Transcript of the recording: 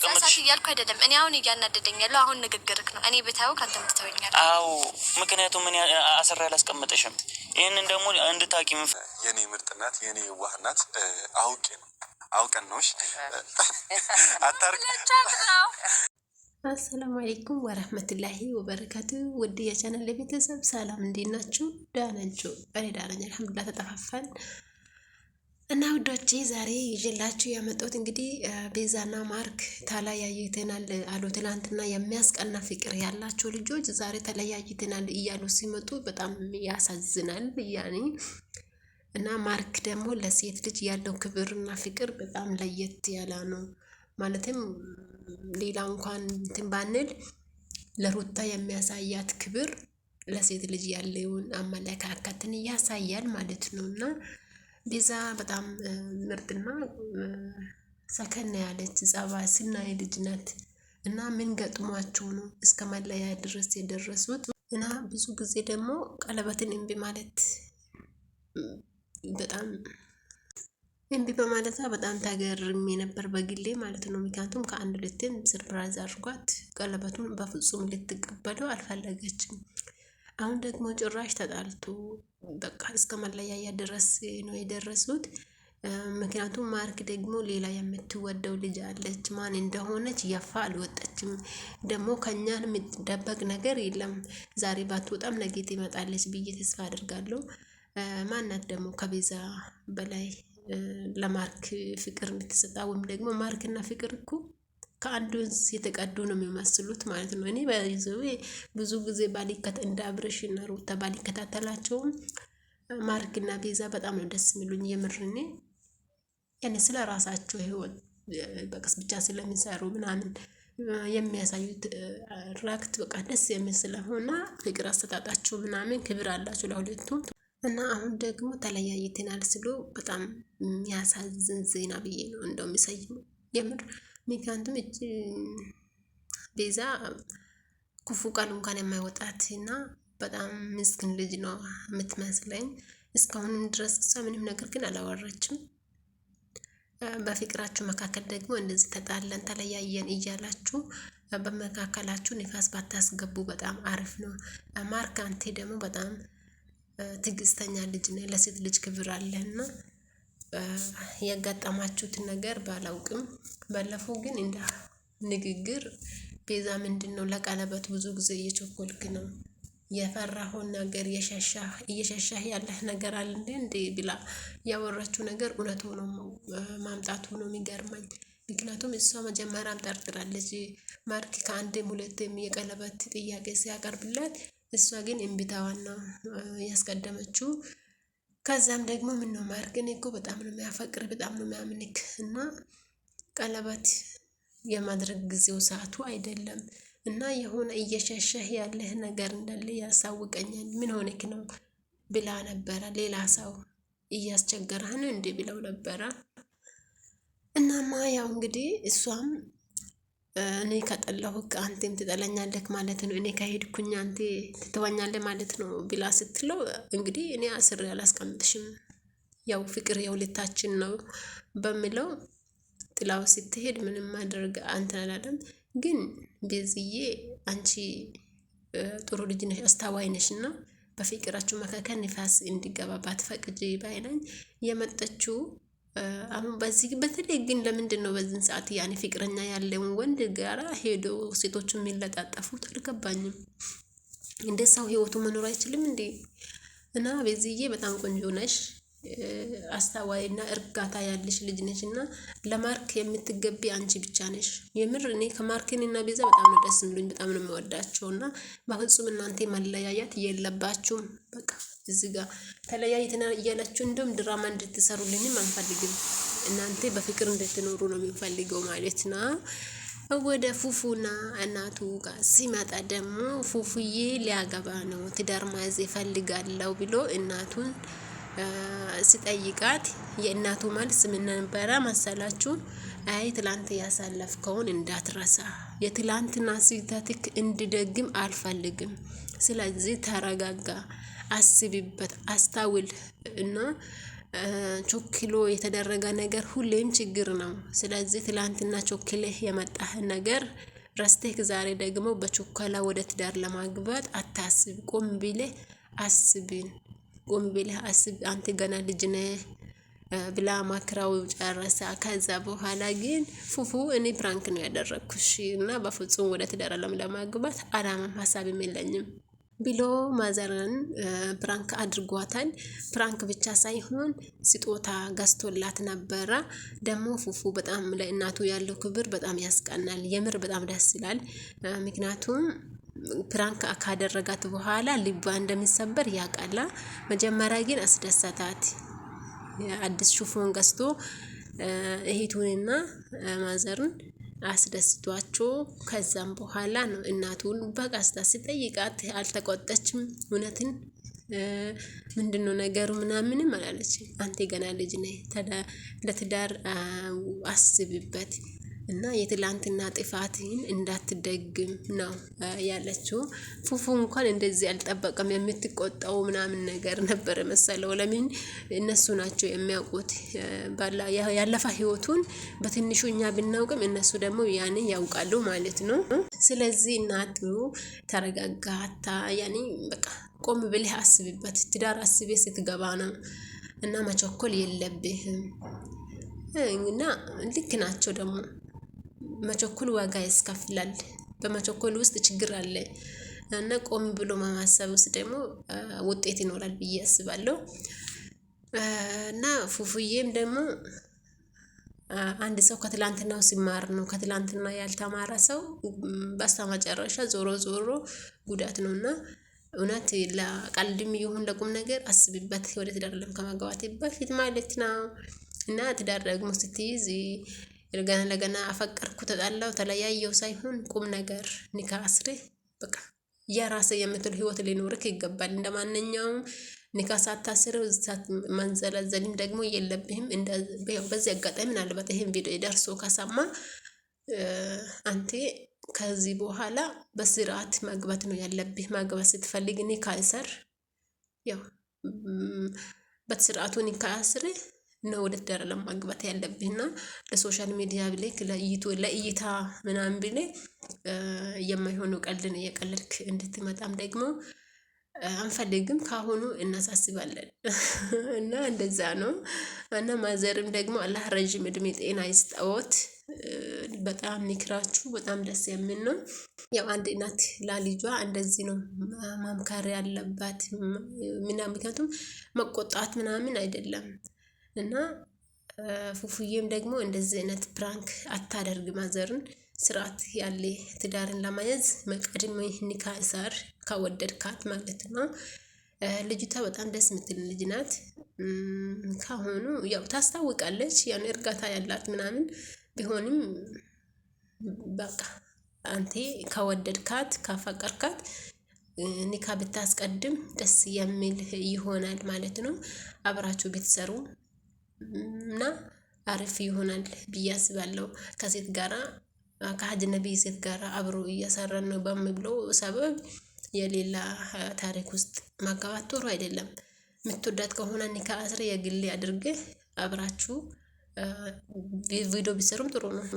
ሳት እያልኩ አይደለም። እኔ አሁን እያናደደኝ ያለው አሁን ንግግርክ ነው። እኔ ብታየው ከአንተ ምትተወኛል። አዎ፣ ምክንያቱም ምን አስራ አላስቀምጥሽም። ይህንን ደግሞ እንድታቂ የኔ ምርጥናት የኔ የዋህናት አውቄ ነው አውቀን ነውሽ አታርቅ አሰላሙ አሌይኩም ወረህመቱላሂ ወበረካቱ። ውድ የቻናል ቤተሰብ ሰላም፣ እንዴት ናችሁ? ደህና ናችሁ? እኔ ደህና ነኝ፣ አልሐምዱሊላህ ተጠፋፋን እና ውዶቼ ዛሬ ይዤላችሁ ያመጣሁት እንግዲህ ቤዛና ማርክ ተለያይተናል አሉ። ትላንትና የሚያስቀና ፍቅር ያላቸው ልጆች ዛሬ ተለያይተናል እያሉ ሲመጡ በጣም ያሳዝናል። ያኔ እና ማርክ ደግሞ ለሴት ልጅ ያለው ክብርና ፍቅር በጣም ለየት ያለ ነው። ማለትም ሌላ እንኳን እንትን ባንል ለሩታ የሚያሳያት ክብር ለሴት ልጅ ያለውን አመለካከትን ያሳያል ማለት ነው እና ቤዛ በጣም ምርጥና ሰከና ያለች ጸባ ስናይ ልጅ ናት እና ምን ገጥሟቸው ነው እስከ መለያ ድረስ የደረሱት? እና ብዙ ጊዜ ደግሞ ቀለበትን እምቢ ማለት በጣም እምቢ በማለት በጣም ተገርሜ ነበር በግሌ ማለት ነው። ምክንያቱም ከአንድ ልትን ሰርፕራይዝ አድርጓት ቀለበቱን በፍጹም ልትቀበለው አልፈለገችም። አሁን ደግሞ ጭራሽ ተጣልቶ በቃ እስከ መለያያ ድረስ ነው የደረሱት። ምክንያቱም ማርክ ደግሞ ሌላ የምትወደው ልጅ አለች። ማን እንደሆነች የፋ አልወጠችም። ደግሞ ከእኛን የምትደበቅ ነገር የለም። ዛሬ ባትወጣም ነገ ትመጣለች ብዬ ተስፋ አድርጋለሁ። ማናት ደግሞ ከቤዛ በላይ ለማርክ ፍቅር የምትሰጣ ወይም ደግሞ ማርክና ፍቅር እኮ ከአንድ ወንዝ የተቀዱ ነው የሚመስሉት ማለት ነው። እኔ በይዘዌ ብዙ ጊዜ ባሊከት እንደ አብርሽ እና ሩታ ባሊከታተላቸውም ማርክና ቤዛ በጣም ነው ደስ የሚሉኝ። የምር ያኔ ስለ ራሳቸው ህይወት በቀስ ብቻ ስለሚሰሩ ምናምን የሚያሳዩት ራክት በቃ ደስ የሚል ስለሆነ ፍቅር አሰጣጣቸው ምናምን ክብር አላቸው ለሁለቱም። እና አሁን ደግሞ ተለያይተናል ስሎ በጣም የሚያሳዝን ዜና ብዬ ነው እንደው የሚሰይመው የምር ምክንያቱም እጅ ቤዛ ክፉ ቃል እንኳን የማይወጣት እና በጣም ምስኪን ልጅ ነው የምትመስለኝ። እስካሁንም ድረስ እሷ ምንም ነገር ግን አላወራችም። በፍቅራችሁ መካከል ደግሞ እንደዚህ ተጣለን ተለያየን እያላችሁ በመካከላችሁ ንፋስ ባታስገቡ በጣም አሪፍ ነው። ማርክ አንቴ ደግሞ በጣም ትዕግስተኛ ልጅ ነው። ለሴት ልጅ ክብር አለ አለና ያጋጠማችሁትን ነገር ባላውቅም ባለፈው ግን እንደ ንግግር ቤዛ ምንድነው ለቀለበት ብዙ ጊዜ እየቸኮልክ ነው የፈራሁን ነገር እየሸሻህ ያለህ ነገር አለ እንዴ ብላ ያወራችው ነገር እውነት ሆኖ ማምጣቱ ነው የሚገርመኝ። ምክንያቱም እሷ መጀመሪያም ጠርጥራለች። ማርክ ከአንድም ሁለቴም የቀለበት ጥያቄ ሲያቀርብላት እሷ ግን እምቢታዋን ነው ያስቀደመችው። ከዛም ደግሞ ምን ነው ማርክን እኮ በጣም ነው የሚያፈቅር በጣም ነው የሚያምንክ እና ቀለበት የማድረግ ጊዜው ሰዓቱ አይደለም እና የሆነ እየሸሸህ ያለህ ነገር እንዳለ ያሳውቀኛል። ምን ሆነክ ነው ብላ ነበረ። ሌላ ሰው ነው እንዴ ብለው ነበረ። እናማ ያው እንግዲህ እሷም እኔ ከጠላሁህ አንቴም ትጠለኛለህ ማለት ነው፣ እኔ ከሄድኩኝ አንቴ ትተወኛለህ ማለት ነው ብላ ስትለው እንግዲህ እኔ አስር አላስቀምጥሽም ያው ፍቅር የሁለታችን ነው በሚለው ጥላው ስትሄድ ምንም ማድረግ አንተን አላለም። ግን ቤዝዬ አንቺ ጥሩ ልጅ ነሽ፣ አስታዋይ ነሽ እና በፍቅራችሁ መካከል ንፋስ እንዲገባባት ፈቅጂ ባይናኝ የመጠችው አሁን በዚህ በተለይ ግን ለምንድን ነው በዚህን ሰዓት ያኔ ፍቅረኛ ያለውን ወንድ ጋራ ሄዶ ሴቶቹ የሚለጣጠፉት? አልገባኝም። እንደ ሰው ህይወቱ መኖር አይችልም እንዴ? እና ቤዝዬ በጣም ቆንጆ ነሽ። አስተዋይና እርጋታ ያለሽ ልጅ ነሽ እና ለማርክ የምትገቢ አንቺ ብቻ ነሽ። የምር እኔ ከማርክን እና ቤዛ በጣም ነው ደስ የሚሉኝ፣ በጣም ነው የሚወዳቸው እና በፍጹም እናንተ መለያየት የለባችሁም። በቃ እዚህ ጋር ተለያይተና እያላችሁ እንደውም ድራማ እንድትሰሩልንም አንፈልግም። እናንተ በፍቅር እንድትኖሩ ነው የምንፈልገው ማለት ነው። ወደ ፉፉና እናቱ ጋር ሲመጣ ደግሞ ፉፉዬ ሊያገባ ነው ትዳር ይፈልጋለው ብሎ እናቱን ስጠይቃት የእናቱ መልስ ምን ነበረ መሰላችሁ? አይ ትላንት ያሳለፍከውን እንዳትረሳ የትላንትና ስህተትክ እንድደግም አልፈልግም። ስለዚህ ተረጋጋ፣ አስቢበት፣ አስታውል እና ቾክሎ የተደረገ ነገር ሁሌም ችግር ነው። ስለዚህ ትላንትና ቾክሌህ የመጣህን ነገር ረስቴክ ዛሬ ደግሞ በቾኮላ ወደ ትዳር ለማግባት አታስብ። ቆም ብለህ አስብን ቆም ብለህ አስብ፣ አንተ ገና ልጅ ነህ ብላ ማክራው ጨረሰ። ከዛ በኋላ ግን ፉፉ እኔ ፕራንክ ነው ያደረግኩሽ እና በፍጹም ወደ ትዳር አለም ለማግባት አላማም ሀሳብም የለኝም ብሎ ማዘርን ፕራንክ አድርጓታል። ፕራንክ ብቻ ሳይሆን ስጦታ ገዝቶላት ነበረ። ደግሞ ፉፉ በጣም ለእናቱ ያለው ክብር በጣም ያስቀናል። የምር በጣም ደስ ይላል። ምክንያቱም ፕራንክ ካደረጋት በኋላ ልቧ እንደሚሰበር ያቃላ መጀመሪያ ግን አስደሰታት። አዲስ ሹፎን ገዝቶ እህቱንና ማዘሩን አስደስቷቸው ከዛም በኋላ ነው እናቱን በቃስታ ሲጠይቃት አልተቆጠችም። እውነትን ምንድን ነው ነገሩ ምናምንም አላለች። አንተ ገና ልጅ ነህ፣ ለትዳር አስብበት እና የትላንትና ጥፋትን እንዳትደግም ነው ያለችው። ፉፉ እንኳን እንደዚህ አልጠበቀም። የምትቆጣው ምናምን ነገር ነበር መሰለው። ለምን እነሱ ናቸው የሚያውቁት። ያለፈ ህይወቱን በትንሹ እኛ ብናውቅም እነሱ ደግሞ ያኔ ያውቃሉ ማለት ነው። ስለዚህ እናቱ ተረጋጋታ። ያኔ በቃ ቆም ብለህ አስብበት። ትዳር አስቤ ስትገባ ነው እና መቸኮል የለብህም እና ልክ ናቸው ደግሞ መቸኮል ዋጋ ያስከፍላል። በመቸኮል ውስጥ ችግር አለ። እና ቆም ብሎ በማሰብ ውስጥ ደግሞ ውጤት ይኖራል ብዬ አስባለሁ። እና ፉፉዬም ደግሞ አንድ ሰው ከትላንትናው ሲማር ነው ከትላንትና ያልተማረ ሰው በስተመጨረሻ ዞሮ ዞሮ ጉዳት ነው። እና እውነት ለቀልድም ይሁን ለቁም ነገር አስብበት፣ ወደ ትዳር ለመግባት በፊት ማለት ነው። እና ትዳር ደግሞ ስትይዝ ገና ለገና አፈቀርኩ ተጣላው ተለያየው ሳይሆን ቁም ነገር ኒካ አስርህ በቃ የራስ የምትል ህይወት ሊኖርክ ይገባል። እንደ ማንኛውም ኒካ ሳታስር መንዘላዘልም ደግሞ የለብህም። በዚህ አጋጣሚ ምናልባት ይህን ቪዲዮ ደርሶ ከሰማ አንቴ ከዚህ በኋላ በስርዓት ማግባት ነው ያለብህ። ማግባት ስትፈልግ ኒካ እሰር፣ ያው በስርዓቱ ኒካ አስርህ ነው ውድድር ለማግባት ያለብህና ለሶሻል ሚዲያ ብለህ ለእይታ ምናምን ብሌ የማይሆኑ ቀልድን እየቀለድክ እንድትመጣም ደግሞ አንፈልግም። ካሁኑ እናሳስባለን እና እንደዛ ነው እና ማዘርም ደግሞ አላህ ረዥም እድሜ ጤና ይስጠዎት። በጣም ምክራችሁ በጣም ደስ የሚል ነው። ያው አንድ እናት ላልጇ እንደዚህ ነው ማምከር ያለባት ምና ምክንያቱም መቆጣት ምናምን አይደለም። እና ፉፉዬም ደግሞ እንደዚህ አይነት ፕራንክ አታደርግ ማዘርን ስርዓት ያለ ትዳርን ለማያዝ መቀድም ኒካ እሳር ካወደድካት ማለት ነው። ልጅቷ በጣም ደስ የምትል ልጅ ናት። ካሁኑ ያው ታስታውቃለች፣ ያን እርጋታ ያላት ምናምን ቢሆንም በቃ አንቴ ካወደድካት ካፈቀርካት ኒካ ብታስቀድም ደስ የሚል ይሆናል ማለት ነው። አብራችሁ ቤተሰሩ እና አሪፍ ይሆናል ብዬ አስባለሁ። ከሴት ጋራ ከሀጅ ከአጅነቢ ሴት ጋራ አብሮ እየሰራን ነው በሚብለው ሰበብ የሌላ ታሪክ ውስጥ ማጋባት ጥሩ አይደለም። የምትወዳት ከሆነ ኒካ አስረህ የግሌ አድርገህ አብራችሁ ቪዲዮ ቢሰሩም ጥሩ ነው